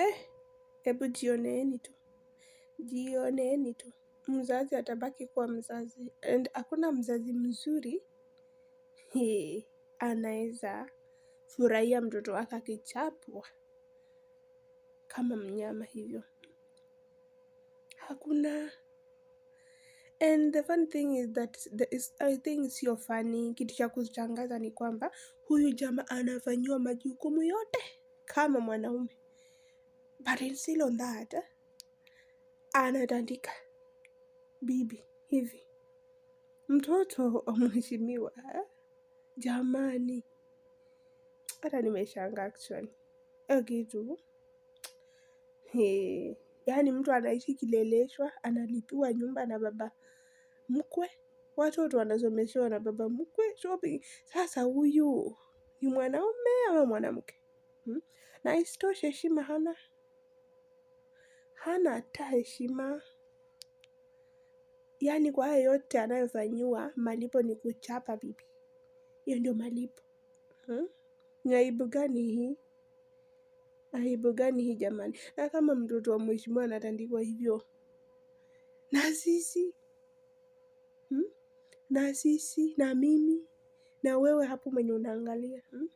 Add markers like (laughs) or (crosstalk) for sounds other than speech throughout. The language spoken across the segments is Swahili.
Eh, hebu jioneeni tu, jioneeni tu. Mzazi atabaki kuwa mzazi, and hakuna mzazi mzuri he, anaweza furahia mtoto wake akichapwa kama mnyama hivyo. Hakuna. And the fun thing is that the is, I think sio funny. Kitu cha kushangaza ni kwamba huyu jamaa anafanyiwa majukumu yote kama mwanaume barelsilondaata anatandika bibi hivi mtoto wa mheshimiwa. Jamani, hata nimeshangaa actually kitu Yaani mtu anaishi kileleshwa, analipiwa nyumba na baba mkwe, watoto wanasomeshewa na baba mkwe, shopping. Sasa huyu ni mwanaume ama mwanamke hmm? Na isitoshe heshima hana hana hata heshima. Yaani kwa hayo yote anayofanyiwa malipo ni kuchapa bibi. Hiyo ndio malipo. Hmm? Ni aibu gani hii? Aibu gani hii jamani? Na kama mtoto wa mheshimiwa anatandikwa hivyo. Na sisi hmm? na sisi na mimi na wewe hapo mwenye unaangalia. Hmm?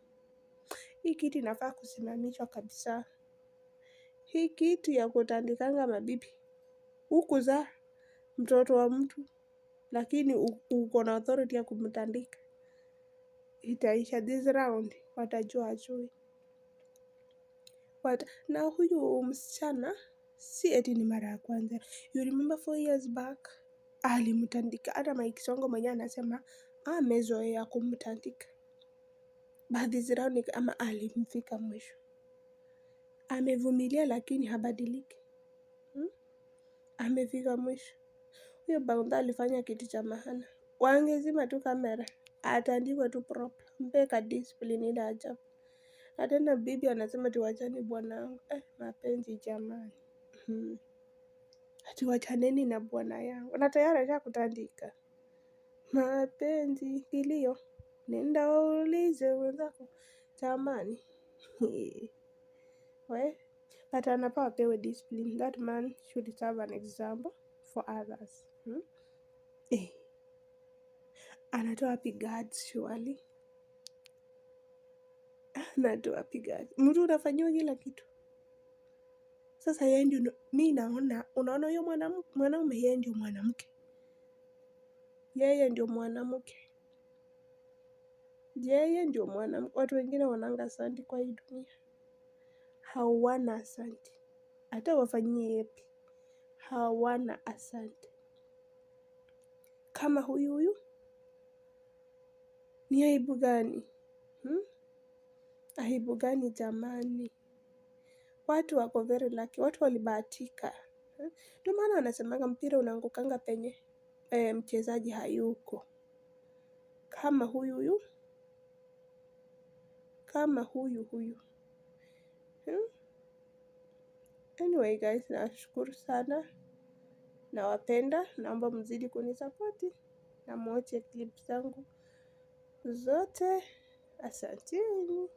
Hii kitu inafaa kusimamishwa kabisa. Hii kitu ya kutandikanga mabibi huku za mtoto wa mtu, lakini uko na authority ya kumtandika. Itaisha this round, watajua ajui Wata. Na huyu msichana si eti ni mara ya kwanza. You remember four years back alimtandika hata Mike Sonko mwenyewe anasema amezoea kumtandika, but this round ama alimfika mwisho. Amevumilia lakini habadiliki. Hmm? Amefika mwisho. Huyo baundha alifanya kitu cha maana. Wangezima tu kamera. Ataandikwa tu prop. Mpeka discipline ile ajabu. Na tena bibi anasema bwana wangu Eh, mapenzi jamani. hmm. wachaneni na bwana yangu. Na tayari kutandika Mapenzi kilio. Nenda waulize wenzako. Jamani. (laughs) way, that an apewe discipline, that man should serve an example for others. Hmm? Eh. Anatoa wapi guards surely? Anatoa wapi guards? Mtu unafanyiwa kila kitu. Sasa yeye ndio mi naona, unaona huyo mwanaume, yeye ndio mwanamke, yeye ndio mwanamke, yeye ndio mwanamke. Watu wengine wanaanga sandi kwa hii dunia hawana asante. Hata wafanyie yepi, hawana asante. Kama huyu huyu, ni aibu gani hmm? Aibu gani jamani? Watu wako very lucky, watu walibahatika. Hmm? Ndio maana wanasemaga mpira unaangukanga penye e, mchezaji hayuko. Kama huyu huyu, kama huyu huyu. Anyway guys, nashukuru sana, nawapenda, naomba mzidi kunisapoti na muoche clip zangu zote. Asanteni.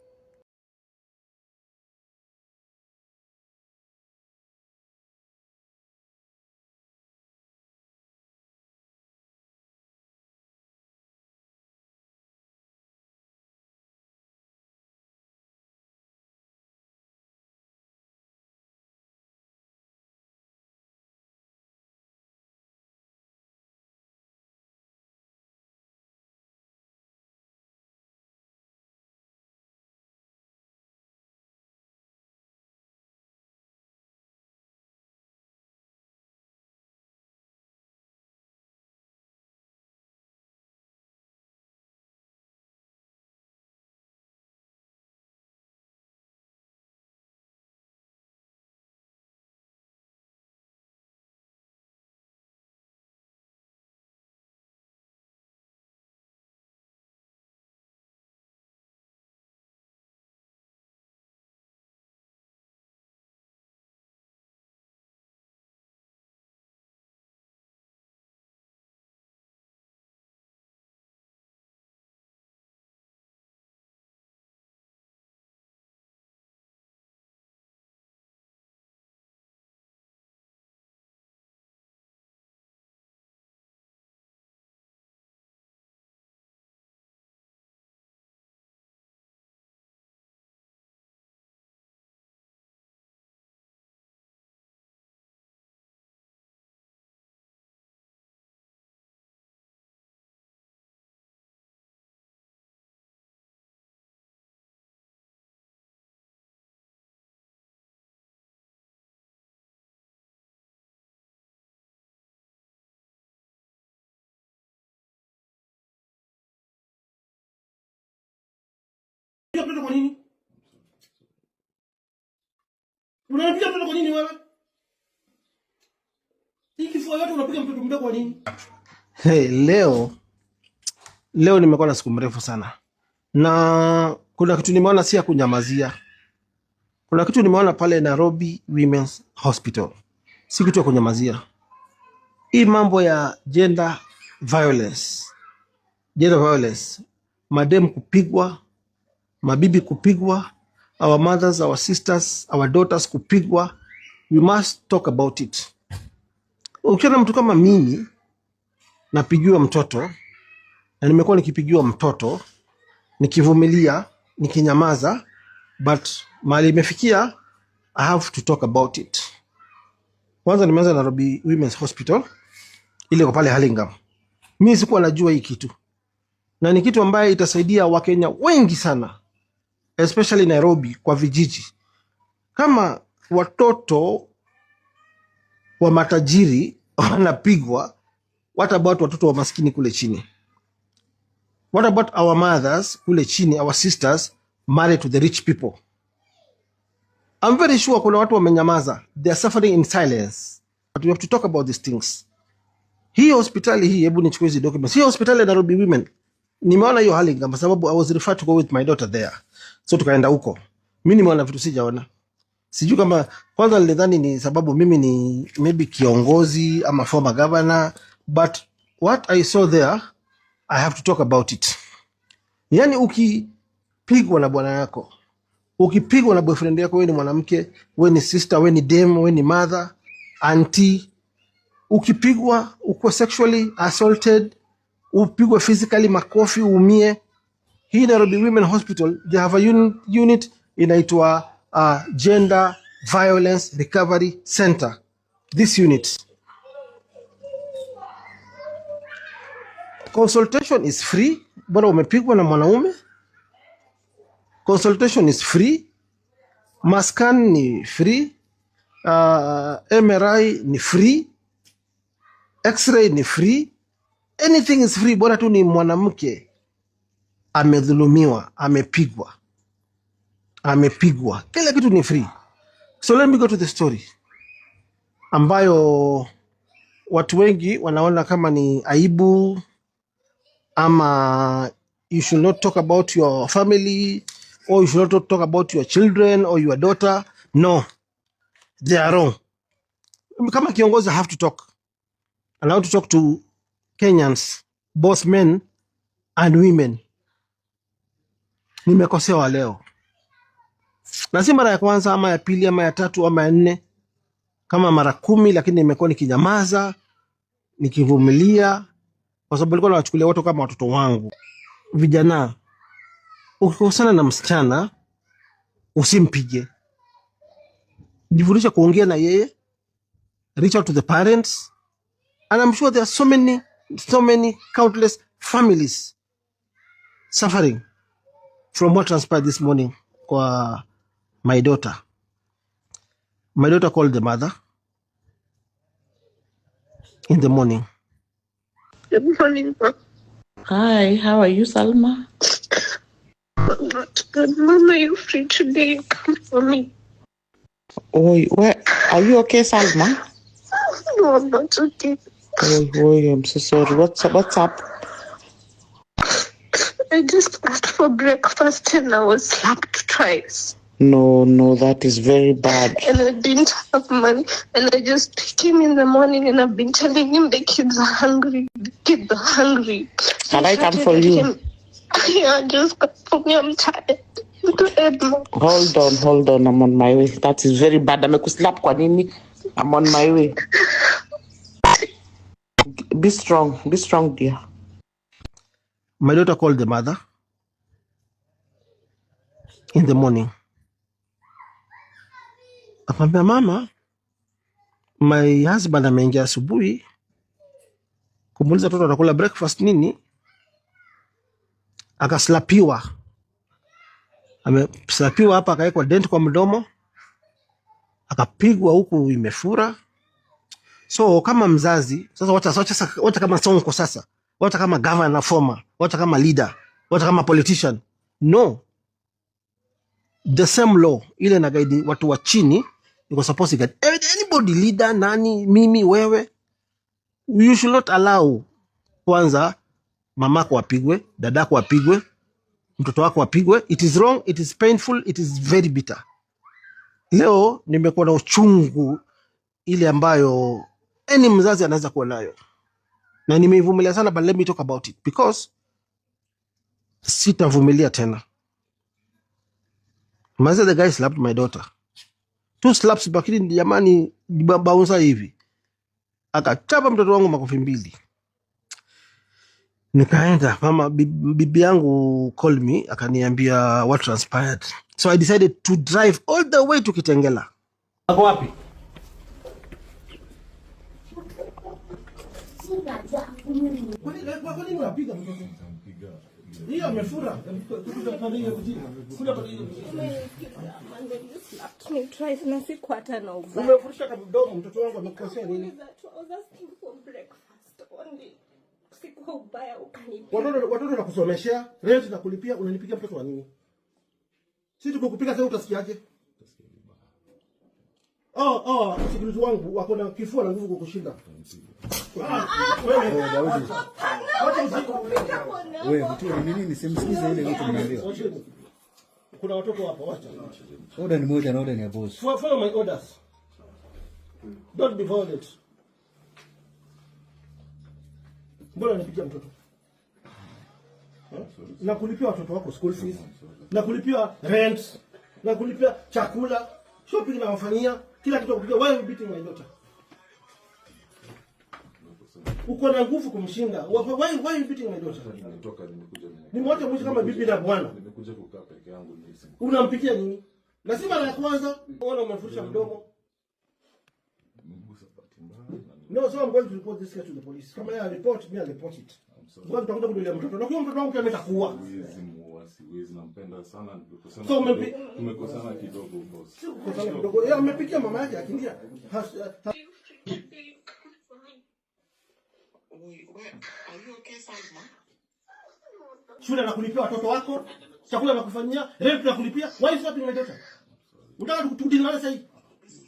Unapiga mtoto kwa nini? Unapiga mtoto kwa nini wewe? Hii yote unapiga mtoto mdogo kwa nini? Hey, leo leo nimekuwa na siku mrefu sana na kuna kitu nimeona si ya kunyamazia. Kuna kitu nimeona pale Nairobi Women's Hospital, si kitu ya kunyamazia. Hii mambo ya gender violence, gender violence, madem kupigwa mabibi kupigwa, our mothers, our sisters, our daughters kupigwa. We must talk about it. Ukiwa na mtu kama mimi napigiwa mtoto na nimekuwa nikipigiwa mtoto nikivumilia, nikinyamaza, but mali imefikia, I have to talk about it. Kwanza nimeanza Nairobi Women's Hospital ile kwa pale Halingam. Mimi sikuwa najua hii kitu, na ni kitu ambayo itasaidia Wakenya wengi sana especially Nairobi kwa vijiji, kama watoto wa matajiri (laughs) wanapigwa, what about watoto wa maskini kule chini? What about our mothers kule chini, our sisters married to the rich people? I'm very sure kuna watu wamenyamaza, they are suffering in silence, but we have to talk about these things. Hii hospitali hii, hebu nichukue hizi documents. Hii hospitali ya Nairobi Women, nimeona hiyo hali kwa sababu I was referred to go with my daughter there so tukaenda huko. mi nimeona vitu sijaona, sijui kama kwanza, nilidhani ni sababu mimi ni maybe kiongozi ama former governor, but what I saw there I have to talk about it. Yani ukipigwa na bwana yako, ukipigwa na boyfriend yako, we ni mwanamke, we ni sister, we ni dem, we ni mother, anti ukipigwa uko sexually assaulted, upigwe physically makofi, uumie hii Nairobi Women Hospital they have a unit inaitwa uh, Gender Violence Recovery Center. This unit consultation is free. Bora umepigwa na mwanaume, consultation is free. maskan ni free. Uh, MRI ni free, X-ray ni free, anything is free, bora tu ni mwanamke amedhulumiwa, amepigwa, amepigwa, kila kitu ni free. So let me go to the story ambayo watu wengi wanaona kama ni aibu ama you should not talk about your family or you should not talk about your children or your daughter. No, they are wrong. Kama kiongozi, I have to talk. I want to talk to Kenyans, both men and women nimekosewa leo, na si mara ya kwanza ama ya pili ama ya tatu ama ya nne, kama mara kumi, lakini nimekuwa nikinyamaza, nikivumilia, kwa sababu nilikuwa nawachukulia watu kama watoto wangu. Vijana, ukikosana na msichana usimpige, jifundisha kuongea na yeye, reach out to the parents and I'm sure there are so many so many countless families suffering from what transpired this morning kwa my daughter. My daughter called the mother in the morning. Good morning, Hi, how are you, Salma? not good. Mom, are you free today? Come for me. Oh, where, are you okay, Salma? (laughs) No, I'm not okay. Oh, boy, I'm so sorry. What's up? What's up? I just asked for breakfast and I was slapped twice. No, no, that is very bad. And I didn't have money. And I just came in the morning and I've been telling him the kids are hungry. The kids are hungry. Can I come for you? Him, (laughs) yeah, just come for me. I'm tired. Hold on, hold on. I'm on my way. That is very bad. I'm slap kwanini. I'm on my way. Be strong. Be strong, dear. My daughter called the mother in the morning, akamwambia mama, my husband ameingia asubuhi kumuuliza mtoto atakula breakfast nini, akaslapiwa. Ameslapiwa hapa, akawekwa dent kwa mdomo, akapigwa huku imefura. So kama mzazi sasa, wacha, wacha, wacha kama sonko sasa wata kama governor former, wata kama leader, wata kama politician. No, the same law ile na guide watu wa chini iko supposed to get anybody leader, nani, mimi, wewe. You should not allow kwanza mamako apigwe, dadako apigwe, mtoto wako apigwe. It is wrong, it is painful, it is very bitter. Leo nimekuwa na uchungu ile ambayo any mzazi anaweza kuwa nayo na nimeivumilia sana, but let me talk about it because sitavumilia tena. Maze, the guy slapped my daughter two slaps, bakini jamani, baunsa hivi akachapa mtoto wangu makofi mbili. Nikaenda mama, bibi yangu call me, akaniambia what transpired, so I decided to drive all the way to Kitengela. Ako wapi? Kwa nini unapiga siku hata na ubaya. Umefurusha kama mdomo mtoto wangu amekosea nini? Watoto nakusomeshea, rent nakulipia, unanipigia mtoto wa nini? Si tukikupiga sasa utasikiaje? Oh, oh, msikilizi wangu wako na kifua na nguvu kukushinda. Wewe mtu ni nini? Simsikize ile Order ni moja na order ni ya boss. Follow my orders. Don't be violent. Mbona unipigia mtoto? Na kulipia watoto wako school fees, na kulipia rent, na kulipia chakula, shopping na wafanyia, kila kitu kupiga. Why are you beating my daughter? uko na nguvu kumshinda. Why why you beating mwisho kama bibi na bwana. Nimekuja kukaa peke yangu Unampikia nini? Lazima la kwanza ona umefusha mdomo. No, so I'm going to report this guy to the police. Kama yeye report, mimi report it. Ngoja mtoto. Na mtoto wangu siwezi nampenda sana nilikosana. So kidogo boss. kidogo. Yeye amepikia mama yake akiingia. Shule nakulipia watoto wako, chakula nakufanyia, rent nakulipia. Why is that inaitosha? Unataka tukutudi na sasa hivi.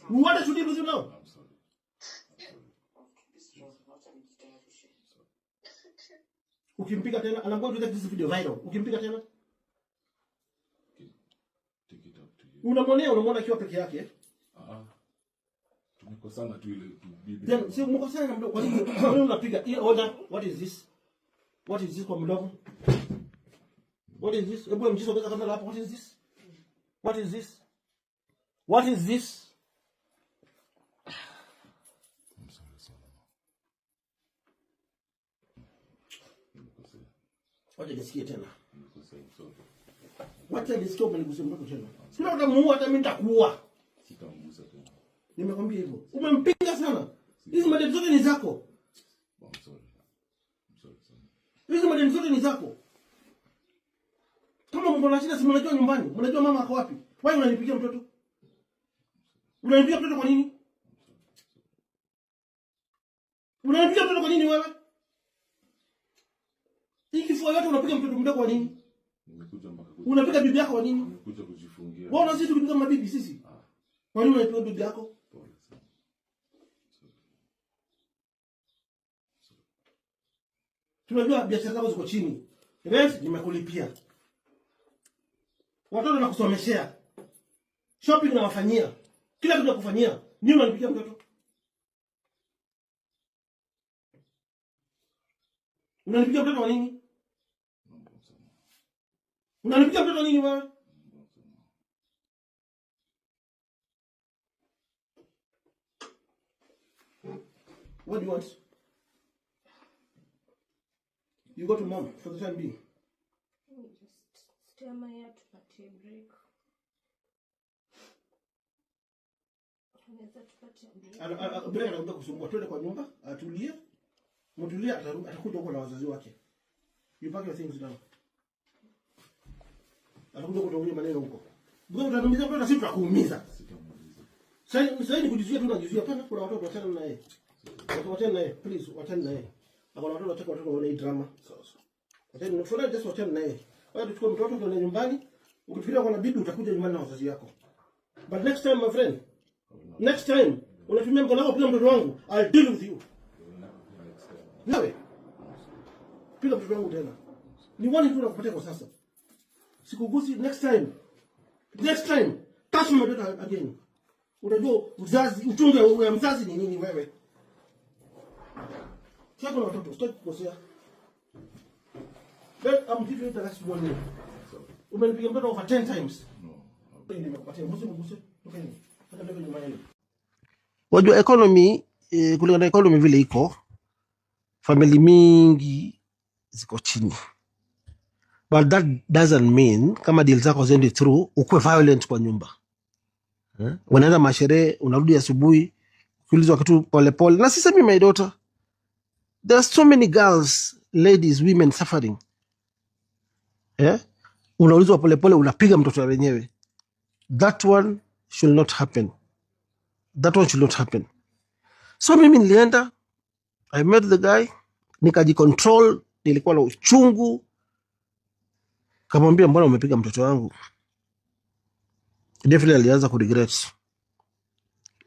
Uende shule mzima nao. Ukimpiga tena, I'm going to take this video viral. Ukimpiga tena. Unamwonea, unamwona akiwa peke yake. Ah. Nikosana tu ile bibi. Then si mkosana na mdogo. Kwa nini kwa unapiga? Hii order, what is this? What is this kwa mdogo? What is this? Hebu mjiso ongeza kama hapo. What is this? What is this? What is this? Wacha nisikie tena. Wacha nisikie umenigusia mtoto tena. Sina utamuua hata mimi nitakuua. Sitamgusa. Nimekwambia hivyo. Umempinga sana. Hizi madeni zote ni zako. Hizi madeni zote ni zako. Kama mko na shida si mnajua nyumbani, mnajua mama ako wapi? Wewe unanipigia mtoto. Unanipigia mtoto kwa nini? Unanipigia mtoto kwa nini wewe? Hii kifua yote unapiga mtoto mdogo kwa nini? Unapiga bibi yako kwa nini? Wewe unazidi kupiga mabibi sisi. Ah. Kwa nini unapiga bibi yako? Tunajua biashara zako ziko chini. Rent nimekulipia. Watoto nakusomeshea. Shopping nawafanyia. Kila kitu nakufanyia. Nini unanipikia mtoto? Unanipikia mtoto wa nini? Unanipikia mtoto wa nini wewe? What do you want? You go to mom for the time being. Just stay my hair tupatie break. kusumbua, twende kwa nyumba atulie, mtulie, atakuja huko na wazazi wake. You pack your things atakuja maneno huko. sisi tutakuumiza. Sasa ni kujizuia tu, Pana kuna wachana naye, wachana naye please, wachana naye na kuna watoto wataka watoto waone hii drama. Sasa just wachana naye wewe, tuchukue mtoto tuende nyumbani. Ukifikiria kuna bibi, utakuja nyumbani na wazazi yako, but next time my friend, next time unatumia mkono wako, piga mtoto wangu, I'll deal with you. Nawe piga mtoto wangu tena, ni wani tu nakupatia kwa sasa, sikugusi. Next time, next time touch my daughter again. Unajua uzazi, uchungu wa mzazi ni nini wewe? Sitaki watoto, sitaki kukosea. But I'm Umenipiga mtoto over 10 times. Wajua economy eh, kulingana na economy vile iko family mingi ziko chini but that doesn't mean kama deal zako ziendi through ukuwe violent kwa nyumba eh? masherehe, unarudi asubuhi ukiulizwa kitu polepole, na sisemi my daughter there's so many girls, ladies, women suffering eh Unaulizwa polepole, unapiga mtoto wenyewe. That one should not happen, that one should not happen. So mimi nilienda, I met the guy, nikajicontrol, nilikuwa na uchungu, kamwambia mbona umepiga mtoto wangu? Definitely alianza regret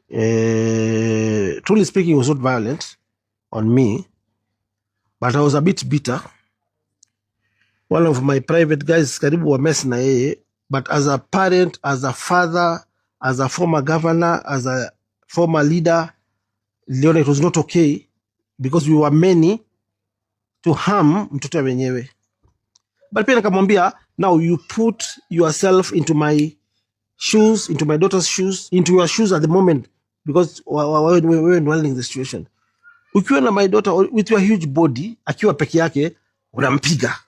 Eh, truly speaking was not violent on me but I was a bit bitter. One of my private guys karibu wamesi na yeye, but as a parent, as a father, as a former governor, as a former leader, niliona it was not okay because we were many to harm mtoto wenyewe. But pia nikamwambia now you put yourself into my shoes, into my daughter's shoes, into your shoes at the moment because we were handling the situation ukiwa na my daughter with your huge body akiwa peke yake unampiga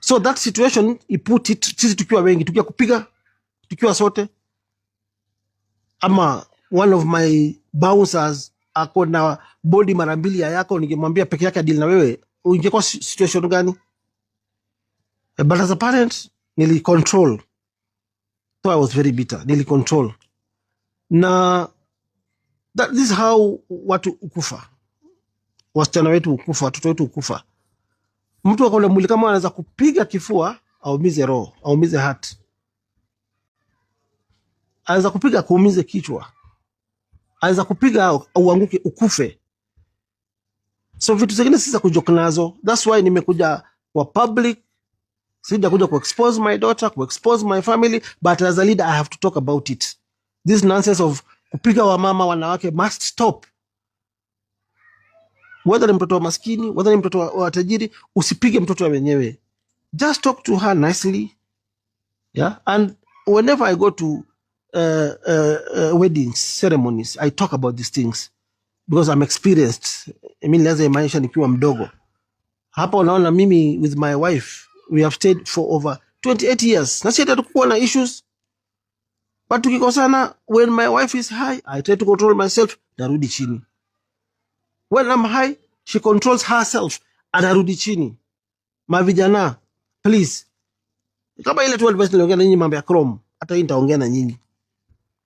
so that situation put it sisi tukiwa wengi tukiwa kupiga tukiwa sote ama one of my bouncers ako na body mara mbili ya yako ningemwambia peke yake adili na wewe ungekuwa situation gani but as a parent nilicontrol so i was very bitter nilicontrol na That, this is how watu ukufa, wasichana wetu ukufa, watoto wetu ukufa. Mtu ako mwili kama anaweza kupiga kifua aumize roho, aumize hat anaweza kupiga kuumize kichwa, anaweza kupiga auanguke ukufe. So vitu zingine si za kujok nazo. That's why nimekuja kwa public, sija kuja kuexpose my daughter, kuexpose my family, but as a leader I have to talk about it. This nonsense of kupiga wamama wanawake must stop. Whether ni mtoto wa maskini, whether ni mtoto wa tajiri, usipige mtoto wa wenyewe. Just talk to her nicely. Yeah? And whenever I go to uh, uh, uh, weddings, ceremonies, I talk about these things because I'm experienced. imaanisha nikiwa mdogo. Hapa unaona mimi with my wife, we have stayed for over 28 years. Na sisi hatukuwa na issues but tukikosana, when my wife is high I try to control myself, narudi chini. When I'm high she controls herself, anarudi chini. Mavijana please, kama ile tu advice niliongea na nyinyi mambo ya Chrome, hata hii nitaongea na nyinyi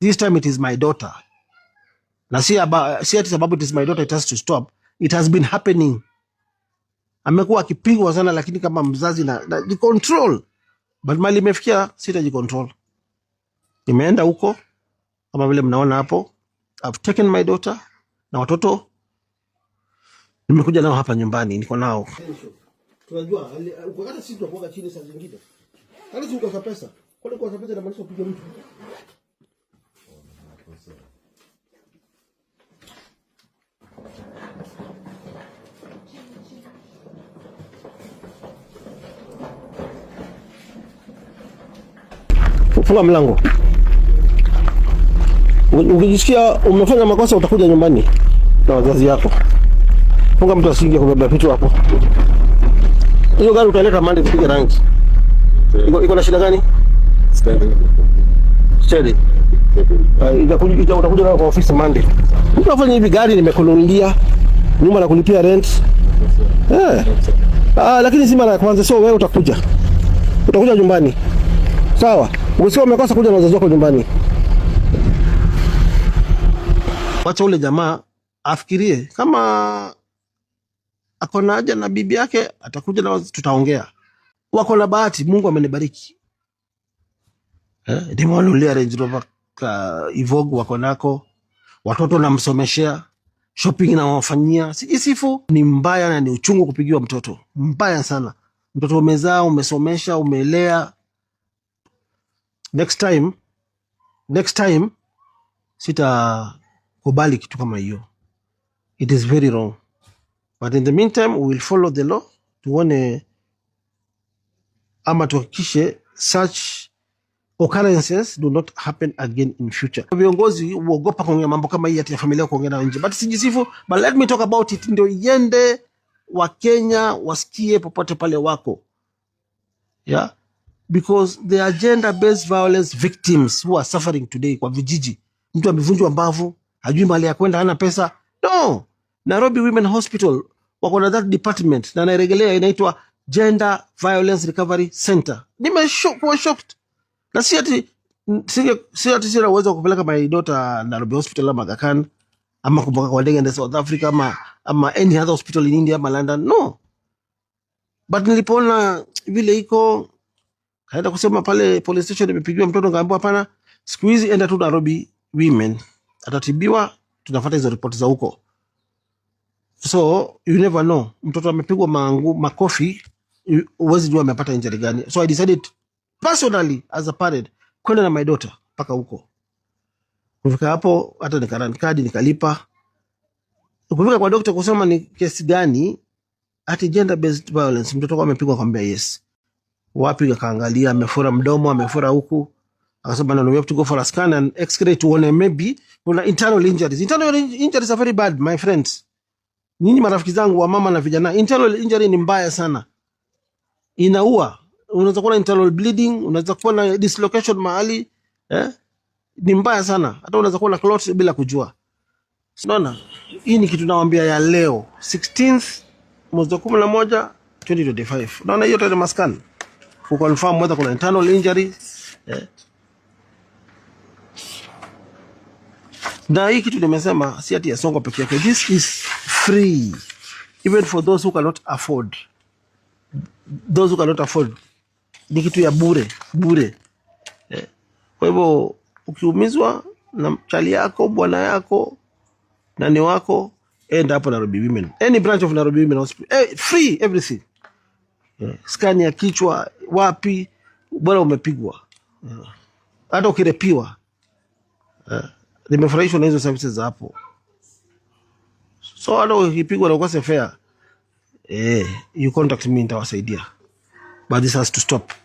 this time. It is my daughter na si ati sababu it is my daughter it has to stop. It has been happening. Amekuwa akipigwa sana, lakini kama mzazi na, na jicontrol, but mali imefikia sitajicontrol. Nimeenda huko kama vile mnaona hapo, I've taken my daughter na watoto nimekuja nao hapa nyumbani, niko nao. Fula hata mlango. Ukijisikia umefanya makosa utakuja nyumbani na wazazi yako Funga mtu asije kubeba vitu hapo. Hiyo gari utaleta Monday kupiga rangi. Iko iko na shida gani? Steady. Ah, itakuja utakuja nayo kwa ofisi Monday. afanye hivi gari nimekununulia, nyumba na kulipia rent. Eh. Ah, lakini si mara ya kwanza, sio wewe utakuja. Utakuja nyumbani. Sawa. Ukisema umekosa kuja na wazazi wako nyumbani. Wacha ule jamaa afikirie kama akona na haja na bibi yake, atakuja na tutaongea. Wako na bahati, Mungu amenibariki eh, nimewanunulia Range Rover uh, Evoque, wako nako watoto, namsomeshea shopping nawafanyia, sijisifu. Ni mbaya na ni uchungu kupigiwa mtoto, mbaya sana. Mtoto umezaa, umesomesha, umelea. Next time, next time sita kubali kitu kama hiyo, it is very wrong, but in the meantime we will follow the law, tuone ama tuhakikishe such occurrences do not happen again in future. Viongozi huogopa kuongea mambo kama hii, ya familia kuongea na nje, but sijisifu, but let me talk about it, ndio iende wa Kenya wasikie popote pale wako yeah? Because the are gender based violence victims who are suffering today. Kwa vijiji, mtu amevunjwa mbavu, hajui mali ya kwenda, hana pesa. No, Nairobi Women Hospital wako na that department na nairegelea, inaitwa Gender Violence Recovery Center. Nimekuwa shocked na si ati si ati sina uwezo wa kupeleka my daughter Nairobi Hospital ama Aga Khan ama kumbuka kwa ndege ndio South Africa ama ama any other hospital in India ama London no, but nilipoona vile iko kaenda kusema pale police station, imepigiwa mtoto, ngaambiwa hapana, siku hizi enda tu Nairobi Women atatibiwa, tunafuata hizo ripoti za huko. So you never know, mtoto amepigwa mangu makofi, uwezi jua amepata injury gani. So I decided personally as a parent kwenda na my daughter mpaka huko. Kufika hapo hata nikaran kadi nikalipa. Kufika kwa dokta kusema ni kesi gani ati gender based violence, mtoto wako amepigwa, kwambia yes. Wapi? kaangalia amefura mdomo, amefura huku akasema bana, we have to go for a scan and x-ray to one maybe kuna internal injuries. Internal injuries are very bad my friends, nyinyi marafiki zangu wa mama na vijana, internal injury ni mbaya sana, inaua. Unaweza kuwa na internal bleeding, unaweza kuwa na dislocation mahali eh? Ni mbaya sana, hata unaweza kuwa na clot bila kujua. Unaona, hii ni kitu nawaambia ya leo 16th mwezi wa 11 2025. Unaona hiyo tena maskani kuconfirm whether kuna internal injury eh? Na hii kitu nimesema si ati ya Songo peke yake. This is free even for those who cannot afford, those who cannot afford. Ni kitu ya bure bure. Eh, kwa hivyo ukiumizwa na chali yako bwana yako nani wako, enda hapo Nairobi Women, any branch of Nairobi Women Hospital, eh, free everything yeah. Skani ya kichwa wapi, bora umepigwa yeah. Hata ukirepiwa yeah limefurahishwa na hizo services za hapo, so hata ukipigwa na ukose fare eh, you contact me, nitawasaidia but this has to stop.